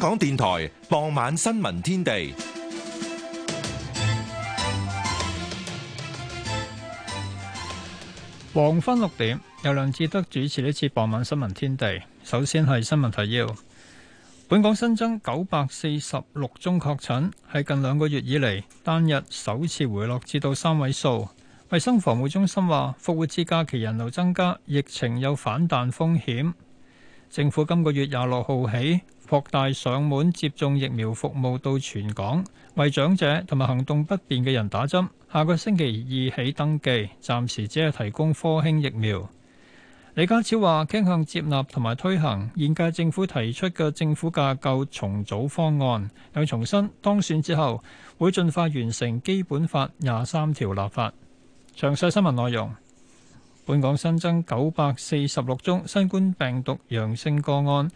香港電台傍晚新聞天地，黃昏六點由梁志德主持。呢次傍晚新聞天地，首先係新聞提要。本港新增九百四十六宗確診，係近兩個月以嚟單日首次回落至到三位數。衛生防護中心話，復活節假期人流增加，疫情有反彈風險。政府今個月廿六號起，擴大上門接種疫苗服務到全港，為長者同埋行動不便嘅人打針。下個星期二起登記，暫時只係提供科興疫苗。李家超話傾向接納同埋推行現屆政府提出嘅政府架構重組方案，又重申當選之後會盡快完成基本法廿三條立法。詳細新聞內容，本港新增九百四十六宗新冠病毒陽性個案。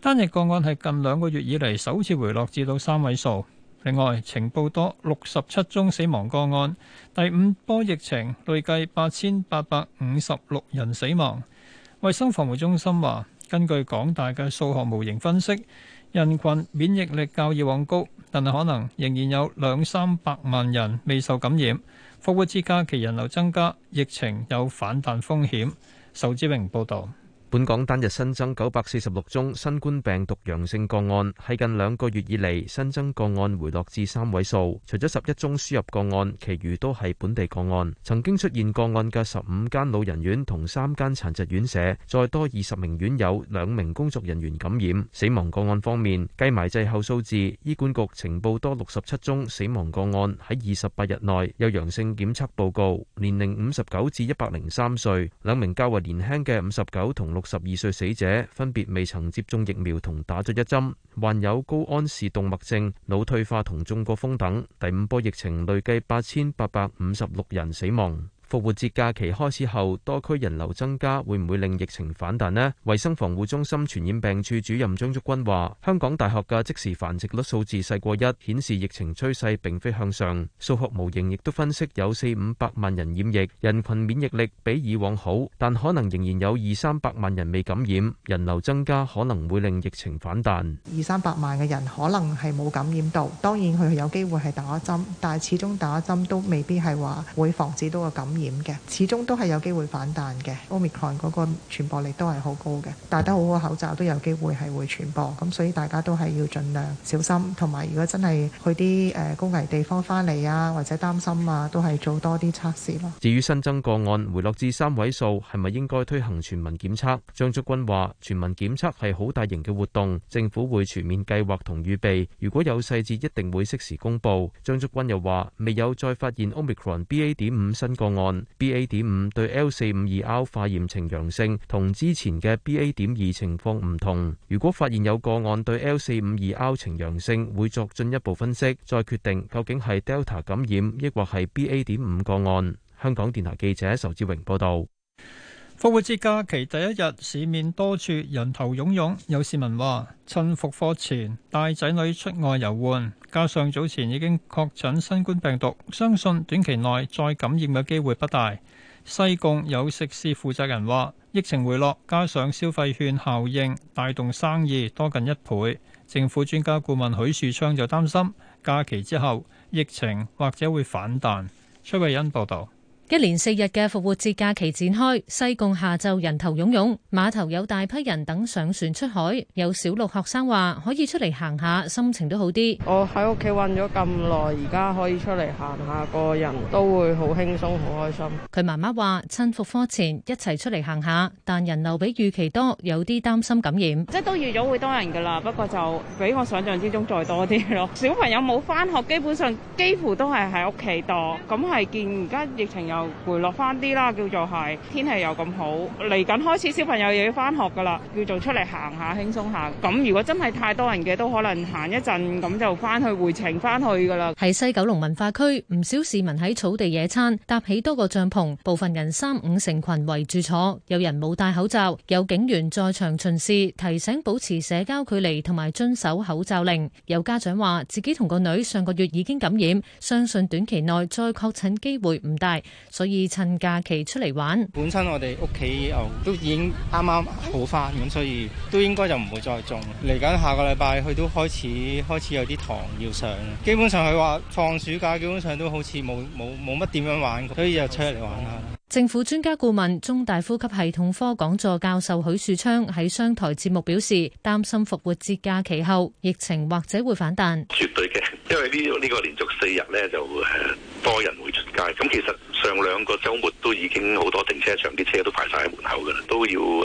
單日個案係近兩個月以嚟首次回落至到三位數。另外，情報多六十七宗死亡個案，第五波疫情累計八千八百五十六人死亡。衛生防護中心話，根據港大嘅數學模型分析，人群免疫力較以往高，但係可能仍然有兩三百萬人未受感染。復活節假期人流增加，疫情有反彈風險。仇志榮報導。本港單日新增九百四十六宗新冠病毒陽性個案，係近兩個月以嚟新增個案回落至三位數。除咗十一宗輸入個案，其餘都係本地個案。曾經出現個案嘅十五間老人院同三間殘疾院舍，再多二十名院友、兩名工作人員感染。死亡個案方面，計埋滯後數字，醫管局呈報多六十七宗死亡個案喺二十八日內有陽性檢測報告，年齡五十九至一百零三歲，兩名較為年輕嘅五十九同。六十二歲死者分別未曾接種疫苗同打咗一針，患有高安氏動脈症、腦退化同中過風等。第五波疫情累計八千八百五十六人死亡。復活節假期開始後，多區人流增加，會唔會令疫情反彈呢？衛生防護中心傳染病處主任張竹君話，香港大學嘅即時繁殖率數字細過一，顯示疫情趨勢並非向上。數學模型亦都分析有四五百萬人染疫，人群免疫力比以往好，但可能仍然有二三百萬人未感染。人流增加可能會令疫情反彈。二三百萬嘅人可能係冇感染到，當然佢係有機會係打針，但係始終打針都未必係話會防止到個感染。嘅，始終都係有機會反彈嘅。Omicron 嗰個傳播力都係好高嘅，戴得好個口罩都有機會係會傳播，咁所以大家都係要盡量小心，同埋如果真係去啲誒高危地方翻嚟啊，或者擔心啊，都係做多啲測試咯。至於新增個案回落至三位數，係咪應該推行全民檢測？張竹君話：全民檢測係好大型嘅活動，政府會全面計劃同預備，如果有細節一定會適時公佈。張竹君又話：未有再發現 Omicron BA. 點五新個案。B A. 點五對 L 四五二 R 化驗呈陽性，同之前嘅 B A. 點二情況唔同。如果發現有個案對 L 四五二 R 呈陽性，會作進一步分析，再決定究竟係 Delta 感染，抑或係 B A. 點五個案。香港電台記者仇志榮報道。復活節假期第一日，市面多處人頭湧湧。有市民話：趁復課前帶仔女出外遊玩，加上早前已經確診新冠病毒，相信短期內再感染嘅機會不大。西貢有食肆負責人話：疫情回落，加上消費券效應，帶動生意多近一倍。政府專家顧問許樹昌就擔心，假期之後疫情或者會反彈。崔慧欣報道。一連四日嘅復活節假期展開，西貢下晝人頭湧湧，碼頭有大批人等上船出海，有小六學生話，可以出嚟行下，心情都好啲。我喺屋企韫咗咁耐，而家可以出嚟行下，個人都會好輕鬆，好開心。佢媽媽話，趁復課前，一齊出嚟行下，但人流比預期多，有啲擔心感染。即係都預咗會多人㗎喇，不過就，比我想象之中再多啲囉。小朋友冇返學，基本上，幾乎都係喺屋企度，咁係見而家疫情有回落翻啲啦，叫做係天氣又咁好嚟緊開始，小朋友又要翻學噶啦，叫做出嚟行下輕鬆下。咁如果真係太多人嘅，都可能行一陣咁就翻去回程翻去噶啦。喺西九龍文化區，唔少市民喺草地野餐，搭起多個帳篷，部分人三五成群圍住坐，有人冇戴口罩。有警員在場巡視，提醒保持社交距離同埋遵守口罩令。有家長話自己同個女上個月已經感染，相信短期內再確診機會唔大。所以趁假期出嚟玩。本身我哋屋企又都已經啱啱好翻，咁所以都應該就唔會再種。嚟緊下，下個禮拜佢都開始開始有啲堂要上。基本上佢話放暑假，基本上都好似冇冇冇乜點樣玩，所以就出嚟玩下。政府專家顧問、中大呼吸系統科講座教授許樹昌喺商台節目表示，擔心復活節假期後疫情或者會反彈。絕對嘅，因為呢、這、呢、個這個連續四日咧就會。多人會出街，咁其實上兩個週末都已經好多停車場啲車都排晒喺門口噶啦，都要誒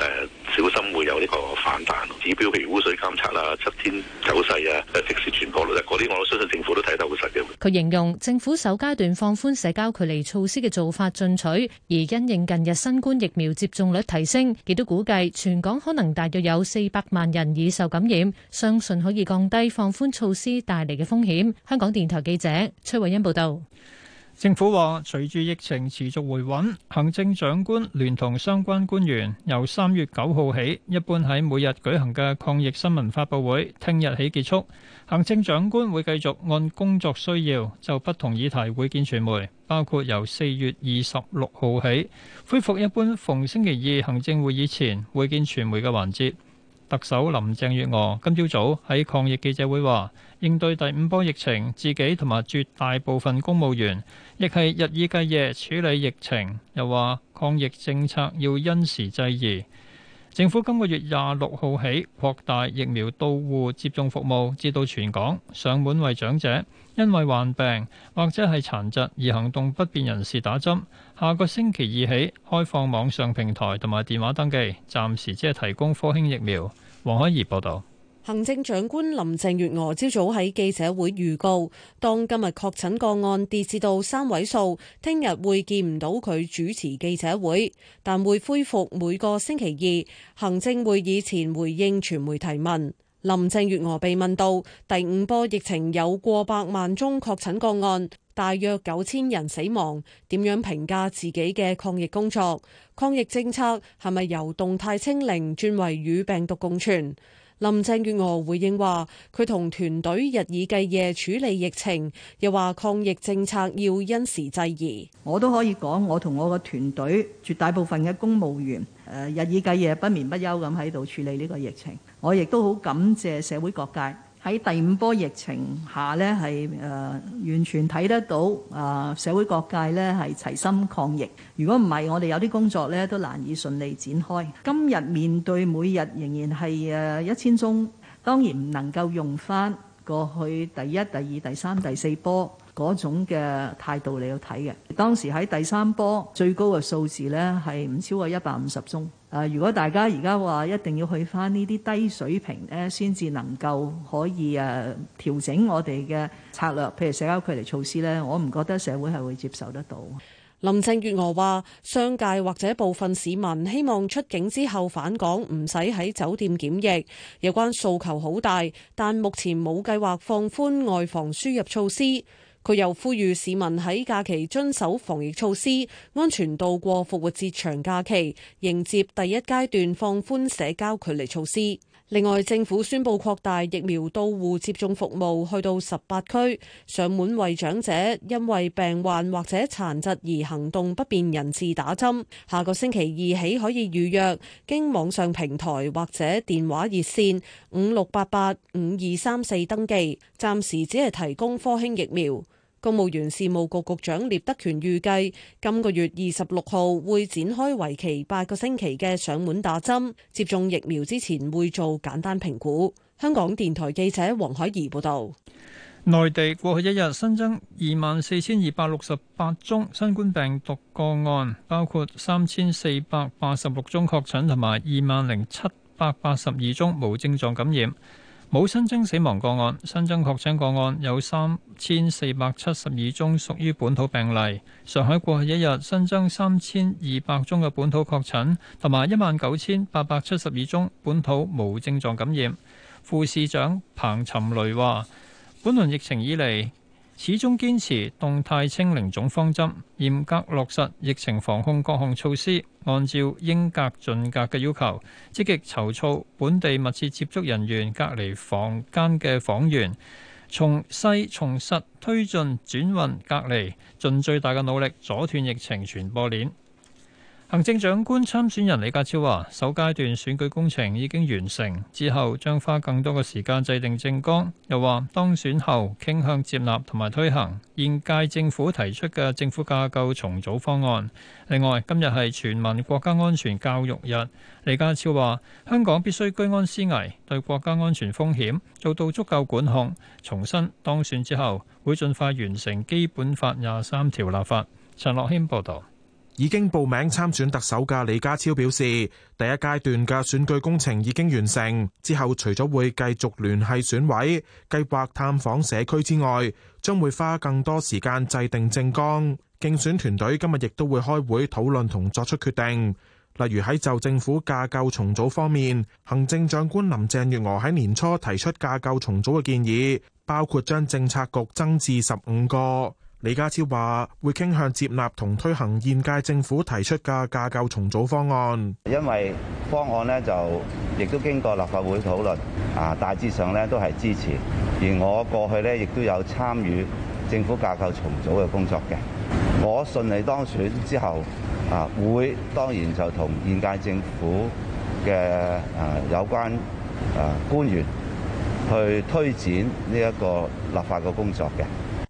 小心會有呢個反彈。指標譬如污水監測啦、七天走勢啊、誒，即時傳播率嗰啲，我相信政府都睇得好實嘅。佢形容政府首階段放寬社交距離措施嘅做法進取，而因應近日新冠疫苗接種率提升，亦都估計全港可能大約有四百萬人已受感染，相信可以降低放寬措施帶嚟嘅風險。香港電台記者崔慧欣報道。政府話，隨住疫情持續回穩，行政長官聯同相關官員，由三月九號起，一般喺每日舉行嘅抗疫新聞發佈會，聽日起結束。行政長官會繼續按工作需要，就不同議題會見傳媒，包括由四月二十六號起，恢復一般逢星期二行政會議前會見傳媒嘅環節。特首林鄭月娥今朝早喺抗疫記者會話：應對第五波疫情，自己同埋絕大部分公務員亦係日以繼夜處理疫情。又話抗疫政策要因時制宜。政府今個月廿六號起擴大疫苗到戶接種服務，至到全港上門為長者、因為患病或者係殘疾而行動不便人士打針。下個星期二起開放網上平台同埋電話登記，暫時只係提供科興疫苗。黃海怡報導。行政長官林鄭月娥朝早喺記者會預告，當今日確診個案跌至到三位數，聽日會見唔到佢主持記者會，但會恢復每個星期二行政會議前回應傳媒提問。林鄭月娥被問到第五波疫情有過百萬宗確診個案，大約九千人死亡，點樣評價自己嘅抗疫工作？抗疫政策係咪由動態清零轉為與病毒共存？林鄭月娥回應話：佢同團隊日以繼夜處理疫情，又話抗疫政策要因時制宜。我都可以講，我同我個團隊絕大部分嘅公務員，誒日以繼夜、不眠不休咁喺度處理呢個疫情。我亦都好感謝社會各界。喺第五波疫情下呢係誒、呃、完全睇得到啊、呃、社會各界呢係齊心抗疫。如果唔係，我哋有啲工作呢都難以順利展開。今日面對每日仍然係誒一千宗，當然唔能夠用翻過去第一、第二、第三、第四波嗰種嘅態度嚟去睇嘅。當時喺第三波最高嘅數字呢，係唔超過一百五十宗。誒，如果大家而家話一定要去翻呢啲低水平咧，先至能夠可以誒調整我哋嘅策略，譬如社交距離措施咧，我唔覺得社會係會接受得到。林鄭月娥話：商界或者部分市民希望出境之後返港唔使喺酒店檢疫，有關訴求好大，但目前冇計劃放寬外防輸入措施。佢又呼籲市民喺假期遵守防疫措施，安全度過復活節長假期，迎接第一階段放寬社交距離措施。另外，政府宣布擴大疫苗到戶接種服務，去到十八區，上門為長者、因為病患或者殘疾而行動不便人士打針。下個星期二起可以預約，經網上平台或者電話熱線五六八八五二三四登記。暫時只係提供科興疫苗。公務員事務局局長聶德權預計，今個月二十六號會展開為期八個星期嘅上門打針，接種疫苗之前會做簡單評估。香港電台記者黃海怡報道。內地過去一日新增二萬四千二百六十八宗新冠病毒個案，包括三千四百八十六宗確診同埋二萬零七百八十二宗無症狀感染。冇新增死亡個案，新增確診個案有三千四百七十二宗屬於本土病例。上海過去一日新增三千二百宗嘅本土確診，同埋一萬九千八百七十二宗本土無症狀感染。副市長彭沉雷話，本輪疫情以嚟，始終堅持動態清零總方針，嚴格落實疫情防控各項措施，按照應隔盡隔嘅要求，積極籌措本地密切接觸人員隔離房間嘅房源，從細從實推進轉運隔離，盡最大嘅努力阻斷疫情傳播鏈。行政長官參選人李家超話：首階段選舉工程已經完成，之後將花更多嘅時間制定政綱。又話當選後傾向接納同埋推行現屆政府提出嘅政府架構重組方案。另外，今日係全民國家安全教育日，李家超話香港必須居安思危，對國家安全風險做到足夠管控。重申當選之後會盡快完成《基本法》廿三條立法。陳樂謙報道。已經報名參選特首嘅李家超表示，第一階段嘅選舉工程已經完成，之後除咗會繼續聯繫選委、計劃探訪社區之外，將會花更多時間制定政綱。競選團隊今日亦都會開會討論同作出決定，例如喺就政府架構重組方面，行政長官林鄭月娥喺年初提出架構重組嘅建議，包括將政策局增至十五個。李家超話會傾向接納同推行現屆政府提出嘅架構重組方案，因為方案咧，就亦都經過立法會討論，啊大致上咧都係支持。而我過去咧亦都有參與政府架構重組嘅工作嘅，我順利當選之後啊，會當然就同現屆政府嘅啊有關啊官員去推展呢一個立法嘅工作嘅。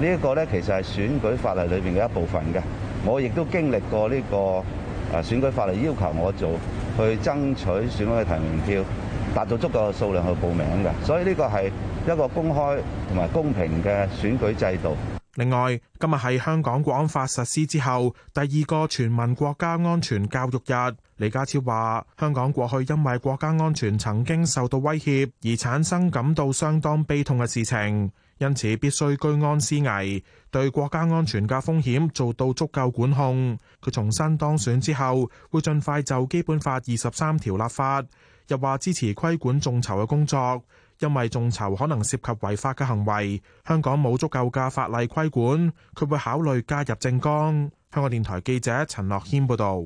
呢一個咧，其實係選舉法例裏邊嘅一部分嘅。我亦都經歷過呢個誒選舉法例要求我做，去爭取選舉嘅提名票，達到足夠嘅數量去報名嘅。所以呢個係一個公開同埋公平嘅選舉制度。另外，今日係香港國安法實施之後第二個全民國家安全教育日。李家超話：香港過去因為國家安全曾經受到威脅，而產生感到相當悲痛嘅事情。因此，必須居安思危，對國家安全嘅風險做到足夠管控。佢重新當選之後，會盡快就基本法二十三條立法。又話支持規管眾籌嘅工作，因為眾籌可能涉及違法嘅行為，香港冇足夠嘅法例規管，佢會考慮加入政綱。香港電台記者陳樂謙報導。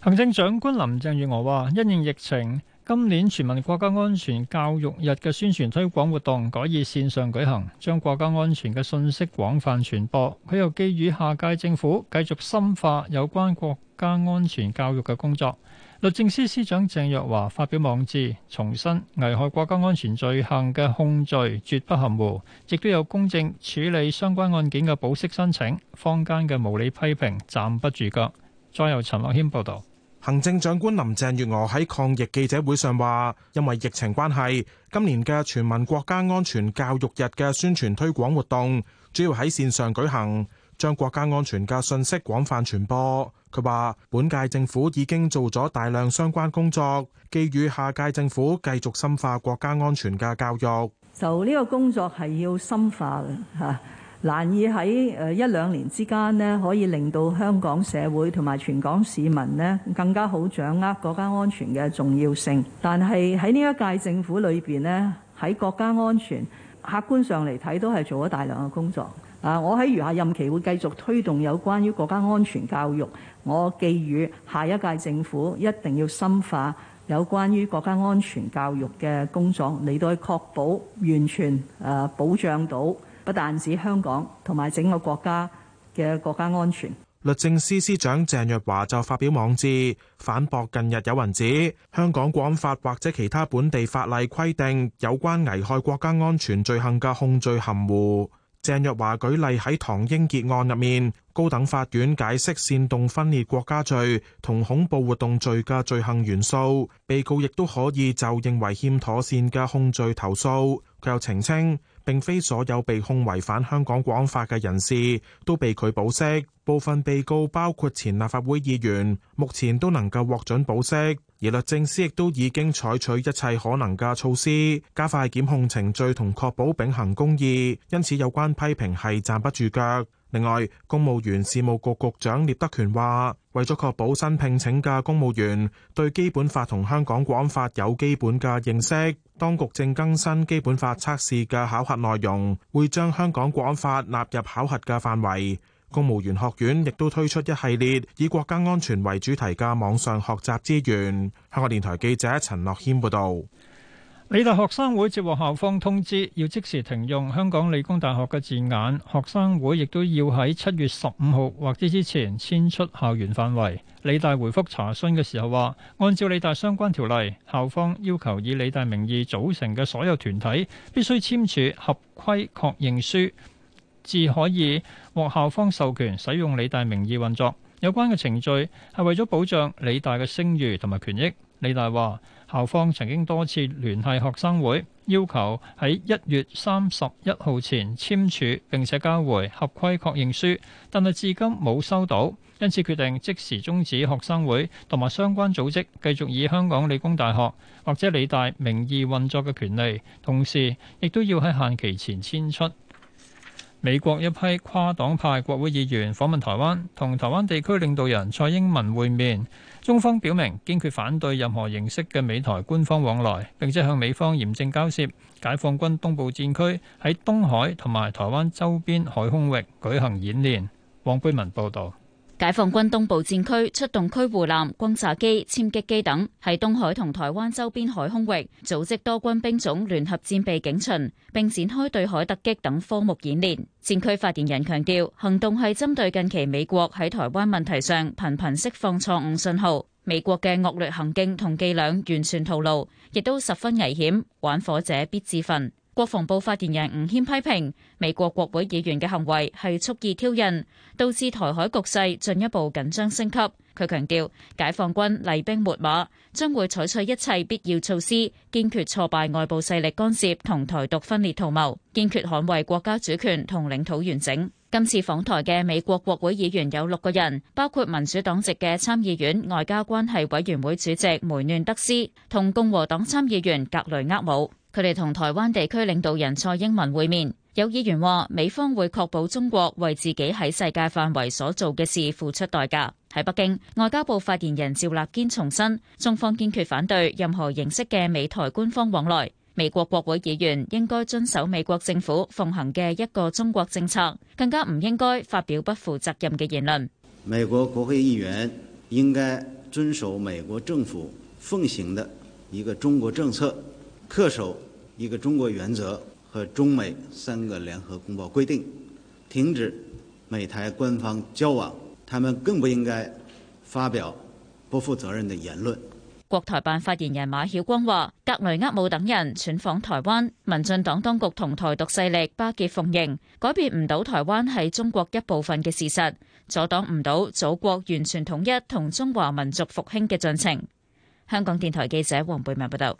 行政長官林鄭月娥話，因應疫情，今年全民國家安全教育日嘅宣傳推廣活動改以綫上舉行，將國家安全嘅信息廣泛傳播。佢又寄語下屆政府繼續深化有關國家安全教育嘅工作。律政司司長鄭若驊發表網誌，重申危害國家安全罪行嘅控罪絕不含糊，亦都有公正處理相關案件嘅保釋申請。坊間嘅無理批評站不住腳。再由陳樂謙報道。行政長官林鄭月娥喺抗疫記者會上話，因為疫情關係，今年嘅全民國家安全教育日嘅宣傳推廣活動主要喺線上舉行，將國家安全嘅信息廣泛傳播。佢話本屆政府已經做咗大量相關工作，寄予下屆政府繼續深化國家安全嘅教育。就呢個工作係要深化嘅吓。難以喺誒一兩年之間呢，可以令到香港社會同埋全港市民咧更加好掌握國家安全嘅重要性。但係喺呢一屆政府裏邊呢，喺國家安全客觀上嚟睇，都係做咗大量嘅工作。啊，我喺餘下任期會繼續推動有關於國家安全教育。我寄語下一屆政府一定要深化有關於國家安全教育嘅工作，嚟到確保完全誒保障到，不但止香港同埋整個國家嘅國家安全，律政司司長鄭若驊就發表網誌反駁近日有人指香港國安法或者其他本地法例規定有關危害國家安全罪行嘅控罪含糊。鄭若驊舉例喺唐英傑案入面，高等法院解釋煽動分裂國家罪同恐怖活動罪嘅罪行元素，被告亦都可以就認為欠妥善嘅控罪投訴。佢又澄清，並非所有被控違反香港《國安法》嘅人士都被拒保釋，部分被告包括前立法會議員，目前都能夠獲准保釋，而律政司亦都已經採取一切可能嘅措施，加快檢控程序同確保秉行公義，因此有關批評係站不住腳。另外，公務員事務局局長聶德權話，為咗確保新聘請嘅公務員對基本法同香港國安法有基本嘅認識，當局正更新基本法測試嘅考核內容，會將香港國安法納入考核嘅範圍。公務員學院亦都推出一系列以國家安全為主題嘅網上學習資源。香港電台記者陳樂謙報道。理大學生會接獲校方通知，要即時停用香港理工大學嘅字眼。學生會亦都要喺七月十五號或者之前遷出校園範圍。理大回覆查詢嘅時候話，按照理大相關條例，校方要求以理大名義組成嘅所有團體必須簽署合規確認書，至可以獲校方授權使用理大名義運作。有關嘅程序係為咗保障理大嘅聲譽同埋權益。理大話校方曾經多次聯繫學生會，要求喺一月三十一號前簽署並且交回合規確認書，但係至今冇收到，因此決定即時終止學生會同埋相關組織繼續以香港理工大學或者理大名義運作嘅權利，同時亦都要喺限期前遷出。美國一批跨黨派國會議員訪問台灣，同台灣地區領導人蔡英文會面。中方表明堅決反對任何形式嘅美台官方往來，並且向美方嚴正交涉。解放軍東部戰區喺東海同埋台灣周邊海空域舉行演練。黃居文報導。解放軍東部戰區出動驅護艦、轟炸機、殲擊機等，喺東海同台灣周邊海空域組織多軍兵種聯合戰備警巡，並展開對海突擊等科目演練。戰區發言人強調，行動係針對近期美國喺台灣問題上頻頻釋放錯誤信號，美國嘅惡劣行徑同伎倆完全暴露，亦都十分危險，玩火者必自焚。國防部發言人吳謙批評美國國會議員嘅行為係蓄意挑釁，導致台海局勢進一步緊張升級。佢強調，解放軍厲兵秣馬，將會採取一切必要措施，堅決挫敗外部勢力干涉同台獨分裂圖謀，堅決捍衛國家主權同領土完整。今次訪台嘅美國國會議員有六個人，包括民主黨籍嘅參議院外交關係委員會主席梅嫩德斯同共和黨參議員格雷厄姆。佢哋同台灣地區領導人蔡英文會面。有議員話：美方會確保中國為自己喺世界範圍所做嘅事付出代價。喺北京，外交部發言人趙立堅重申，中方堅決反對任何形式嘅美台官方往來。美國國會議員應該遵守美國政府奉行嘅一個中國政策，更加唔應該發表不負責任嘅言論。美國國會議員應該遵守美國政府奉行嘅一個中國政策。恪守一個中國原則和中美三個聯合公報規定，停止美台官方交往。他們更不應該發表不負責任的言論。國台辦發言人馬曉光話，格雷厄姆等人竄訪台灣，民進黨當局同台獨勢力巴結奉迎，改變唔到台灣係中國一部分嘅事實，阻擋唔到祖國完全統一同中華民族復興嘅進程。香港電台記者黃貝文報道。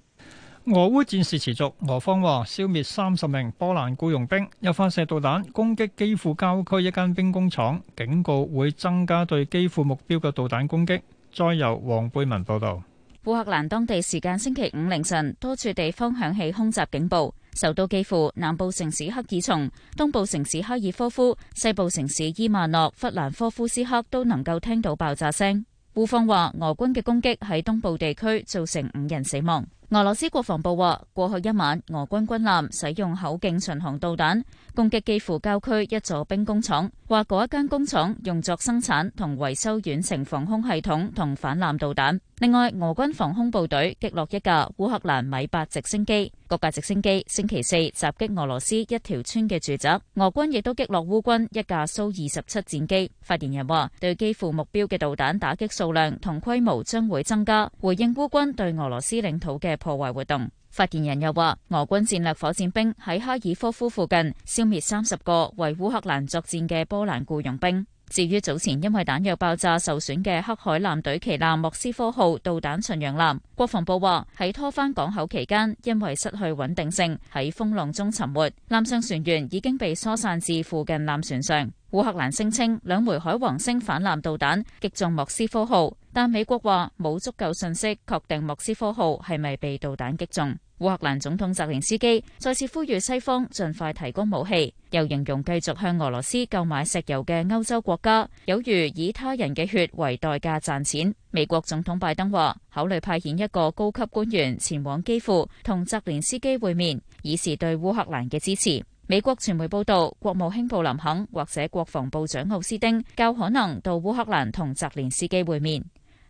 俄烏戰事持續，俄方話消滅三十名波蘭雇傭兵，又發射導彈攻擊基輔郊區一間兵工廠，警告會增加對基輔目標嘅導彈攻擊。再由黃貝文報道：烏克蘭當地時間星期五凌晨，多處地方響起空襲警報，首都基輔、南部城市克爾松、東部城市哈爾科夫、西部城市伊萬諾弗蘭科夫斯克都能夠聽到爆炸聲。烏方話，俄軍嘅攻擊喺東部地區造成五人死亡。俄羅斯國防部話，過去一晚俄軍軍艦使用口徑巡航導彈攻擊，攻擊基輔郊區一座兵工廠，話嗰一間工廠用作生產同維修遠程防空系統同反艦導彈。另外，俄軍防空部隊擊落一架烏克蘭米八直升機，嗰架直升機星期四襲擊俄羅斯一條村嘅住宅。俄軍亦都擊落烏軍一架蘇二十七戰機。發言人話，對基輔目標嘅導彈打擊數量同規模將會增加，回應烏軍對俄羅斯領土嘅破壞活動，發言人又話，俄軍戰略火箭兵喺哈爾科夫附近消滅三十個為烏克蘭作戰嘅波蘭僱傭兵。至於早前因為彈藥爆炸受損嘅黑海艦隊旗艦莫斯科號導彈巡洋艦，國防部話喺拖返港口期間，因為失去穩定性喺風浪中沉沒，艦上船員已經被疏散至附近艦船上。烏克蘭聲稱兩枚海王星反艦導彈擊中莫斯科號。但美國話冇足夠信息確定莫斯科號係咪被導彈擊中。烏克蘭總統澤連斯基再次呼籲西方盡快提供武器，又形容繼續向俄羅斯購買石油嘅歐洲國家有如以他人嘅血為代價賺錢。美國總統拜登話考慮派遣一個高級官員前往基輔同澤連斯基會面，以示對烏克蘭嘅支持。美國傳媒報道，國務卿布林肯或者國防部長奧斯丁較可能到烏克蘭同澤連斯基會面。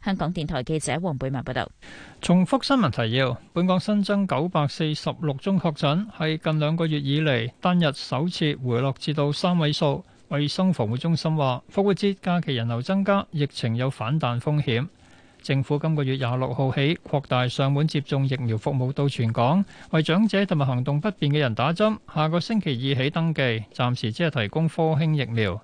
香港電台記者黃貝文報道：重複新聞提要，本港新增九百四十六宗確診，係近兩個月以嚟，單日首次回落至到三位數。衛生防護中心話，復活節假期人流增加，疫情有反彈風險。政府今個月廿六號起擴大上門接種疫苗服務到全港，為長者同埋行動不便嘅人打針。下個星期二起登記，暫時只係提供科興疫苗。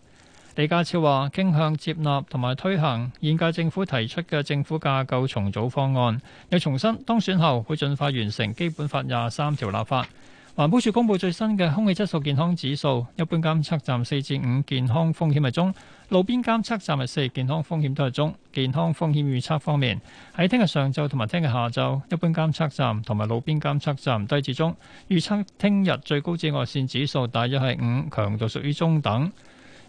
李家超話傾向接納同埋推行現屆政府提出嘅政府架構重組方案，又重申當選後會盡快完成基本法廿三條立法。環保署公布最新嘅空氣質素健康指數，一般監測站四至五健康風險係中，路邊監測站係四健康風險都係中。健康風險預測方面，喺聽日上晝同埋聽日下晝，一般監測站同埋路邊監測站低至中。預測聽日最高紫外線指數大約係五，強度屬於中等。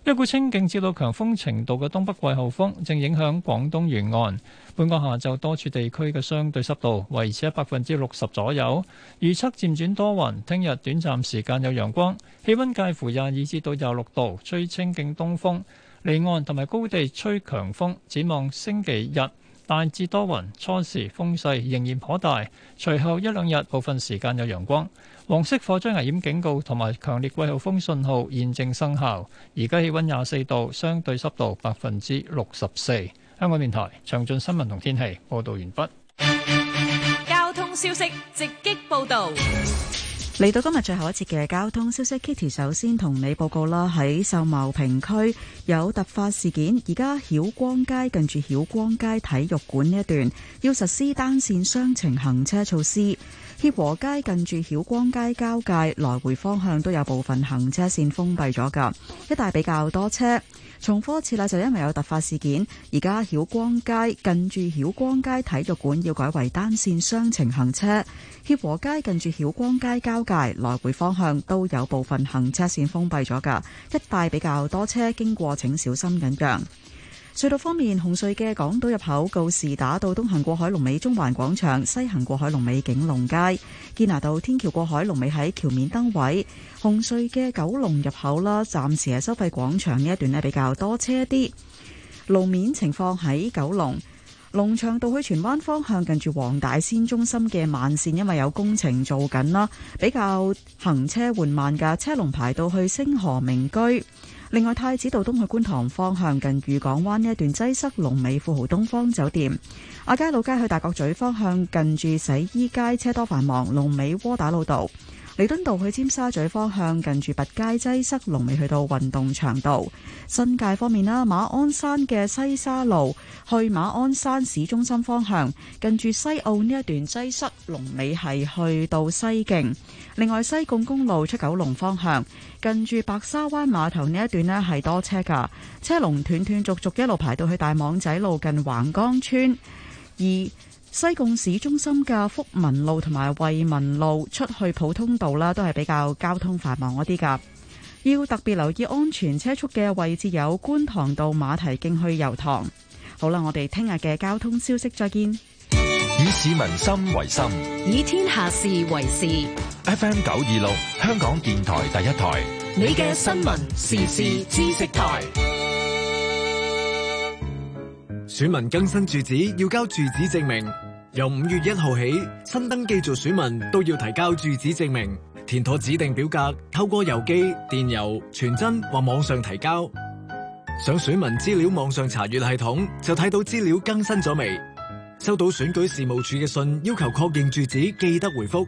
一股清勁至到強風程度嘅東北季候風正影響廣東沿岸，本港下晝多處地區嘅相對濕度維持喺百分之六十左右。預測漸轉多雲，聽日短暫時間有陽光，氣温介乎廿二至到廿六度，吹清勁東風。離岸同埋高地吹強風，展望星期日大致多雲，初時風勢仍然頗大，隨後一兩日部分時間有陽光。黃色火災危險警告同埋強烈季候風信號現正生效。而家氣溫廿四度，相對濕度百分之六十四。香港電台詳盡新聞同天氣報道完畢。交通消息直擊報道。嚟到今日最後一次嘅交通消息，Kitty 首先同你報告啦，喺秀茂坪區有突發事件，而家曉光街近住曉光街體育館呢一段要實施單線雙程行車措施，協和街近住曉光街交界來回方向都有部分行車線封閉咗㗎，一帶比較多車。重科次啦，就因為有突發事件，而家曉光街近住曉光街體育館要改為單線雙程行車，協和街近住曉光街交界來回方向都有部分行車線封閉咗噶，一帶比較多車經過，請小心忍讓。隧道方面，紅隧嘅港島入口告士打道東行，過海龍尾中環廣場，西行過海龍尾景隆街；堅拿道天橋過海龍尾喺橋面燈位。紅隧嘅九龍入口啦，暫時係收費廣場呢一段呢比較多車啲。路面情況喺九龍。龍翔道去荃灣方向近住黃大仙中心嘅慢線，因為有工程做緊啦，比較行車緩慢噶，車龍排到去星河名居。另外太子道東去觀塘方向近御港灣呢一段擠塞，龍尾富豪東方酒店。亞皆老街去大角咀方向近住洗衣街，車多繁忙，龍尾窩打老道。彌敦道去尖沙咀方向，近住白街擠塞，龍尾去到運動場道。新界方面啦，馬鞍山嘅西沙路去馬鞍山市中心方向，近住西澳呢一段擠塞，龍尾係去到西徑。另外，西貢公路出九龍方向，近住白沙灣碼頭呢一段呢係多車噶，車龍斷斷續續一路排到去大網仔路近橫江村。二西貢市中心嘅福民路同埋惠民路出去普通道啦，都係比較交通繁忙一啲噶。要特別留意安全車速嘅位置有觀塘道、馬蹄徑去油塘。好啦，我哋聽日嘅交通消息，再見。以市民心為心，以天下事為事。FM 九二六，香港電台第一台，你嘅新聞時事知識台。選民更新住址要交住址證明，由五月一號起，新登記做選民都要提交住址證明，填妥指定表格，透過郵寄、電郵、傳真或網上提交。上選民資料網上查閱系統就睇到資料更新咗未？收到選舉事務處嘅信要求確認住址，記得回覆。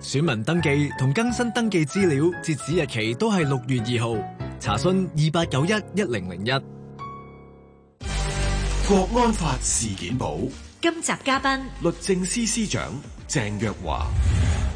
選民登記同更新登記資料截止日期都係六月二號。查詢二八九一一零零一。國安法事件簿，今集嘉賓律政司司長鄭若驊。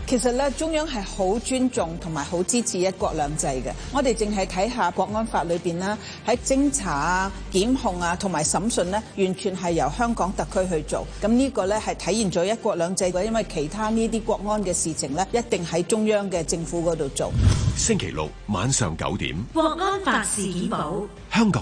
其實咧，中央係好尊重同埋好支持一國兩制嘅。我哋淨係睇下國安法裏邊啦，喺偵查啊、檢控啊同埋審訊咧，完全係由香港特區去做。咁呢個咧係體現咗一國兩制嘅。因為其他呢啲國安嘅事情咧，一定喺中央嘅政府嗰度做。星期六晚上九點，國安法事件簿，香港。